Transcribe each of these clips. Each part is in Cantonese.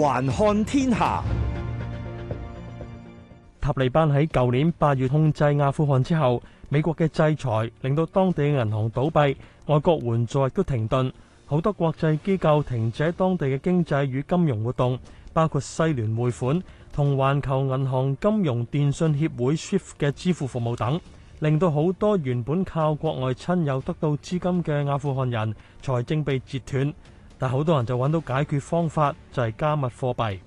環看天下，塔利班喺舊年八月控制阿富汗之後，美國嘅制裁令到當地銀行倒閉，外國援助亦都停頓，好多國際機構停止喺當地嘅經濟與金融活動，包括西聯匯款同環球銀行金融電信協會 Shift 嘅支付服務等，令到好多原本靠國外親友得到資金嘅阿富汗人財政被截斷。但好多人就揾到解決方法，就係加密貨幣。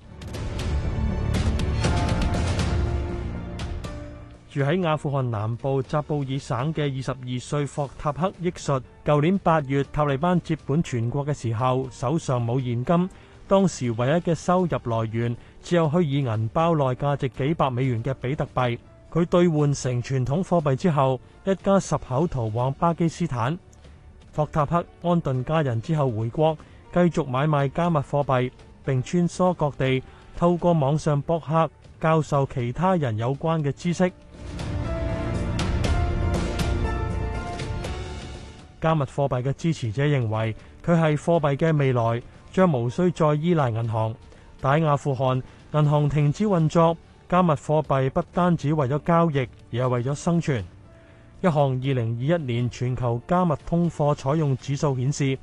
住喺阿富汗南部扎布爾省嘅二十二歲霍塔克憶述，舊年八月塔利班接管全國嘅時候，手上冇現金，當時唯一嘅收入來源只有虛擬銀包內價值幾百美元嘅比特幣，佢兌換成傳統貨幣之後，一家十口逃往巴基斯坦。霍塔克安頓家人之後回國。繼續買賣加密貨幣，並穿梭各地，透過網上博客教授其他人有關嘅知識。加密貨幣嘅支持者認為，佢係貨幣嘅未來，將無需再依賴銀行。但喺阿富汗，銀行停止運作，加密貨幣不單止為咗交易，而係為咗生存。一項二零二一年全球加密通貨採用指數顯示。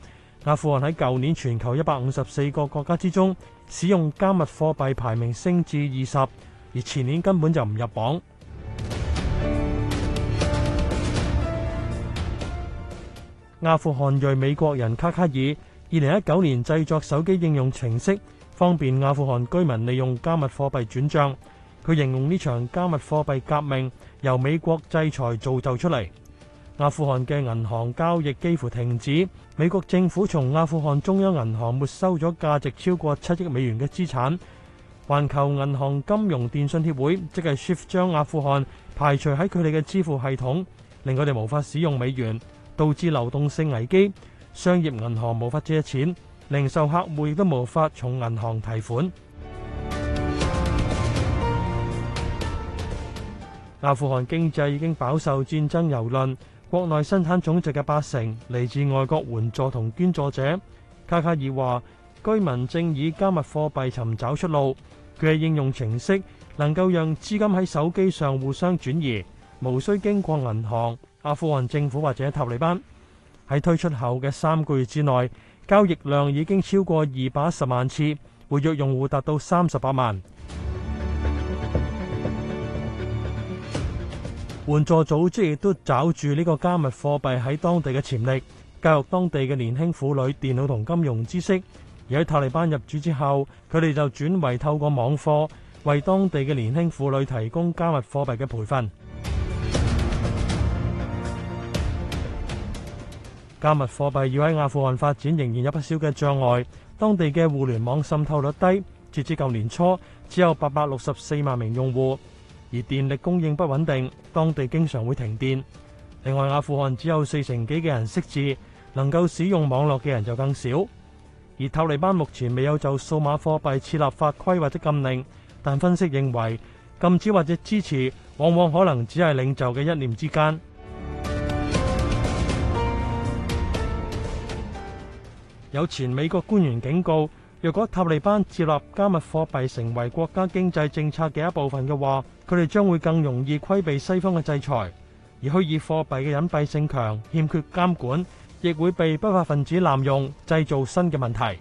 阿富汗喺舊年全球一百五十四個國家之中，使用加密貨幣排名升至二十，而前年根本就唔入榜。阿富汗裔美國人卡卡爾，二零一九年製作手機應用程式，方便阿富汗居民利用加密貨幣轉賬。佢形容呢場加密貨幣革命由美國制裁造就出嚟。阿富汗嘅銀行交易幾乎停止，美國政府從阿富汗中央銀行沒收咗價值超過七億美元嘅資產，環球銀行金融電信協會即係 Swift 將阿富汗排除喺佢哋嘅支付系統，令佢哋無法使用美元，導致流動性危機，商業銀行無法借錢，零售客戶亦都無法從銀行提款。阿富汗經濟已經飽受戰爭蹂躪。國內生產總值嘅八成嚟自外國援助同捐助者。卡卡爾話：居民正以加密貨幣尋找出路。佢嘅應用程式，能夠讓資金喺手機上互相轉移，無需經過銀行、阿富汗政府或者塔利班。喺推出後嘅三個月之內，交易量已經超過二百一十萬次，活躍用戶達到三十八萬。援助組織亦都找住呢個加密貨幣喺當地嘅潛力，教育當地嘅年輕婦女電腦同金融知識。而喺塔利班入主之後，佢哋就轉為透過網課為當地嘅年輕婦女提供加密貨幣嘅培訓。 加密貨幣要喺阿富汗發展，仍然有不少嘅障礙。當地嘅互聯網滲透率低，截至舊年初只有八百六十四萬名用戶。而電力供應不穩定，當地經常會停電。另外，阿富汗只有四成幾嘅人識字，能夠使用網絡嘅人就更少。而塔利班目前未有就數碼貨幣設立法規或者禁令，但分析認為禁止或者支持往往可能只係領袖嘅一念之間。有前美國官員警告，若果塔利班設立加密貨幣成為國家經濟政策嘅一部分嘅話，佢哋將會更容易規避西方嘅制裁；而虛擬貨幣嘅隱蔽性強、欠缺監管，亦會被不法分子濫用，製造新嘅問題。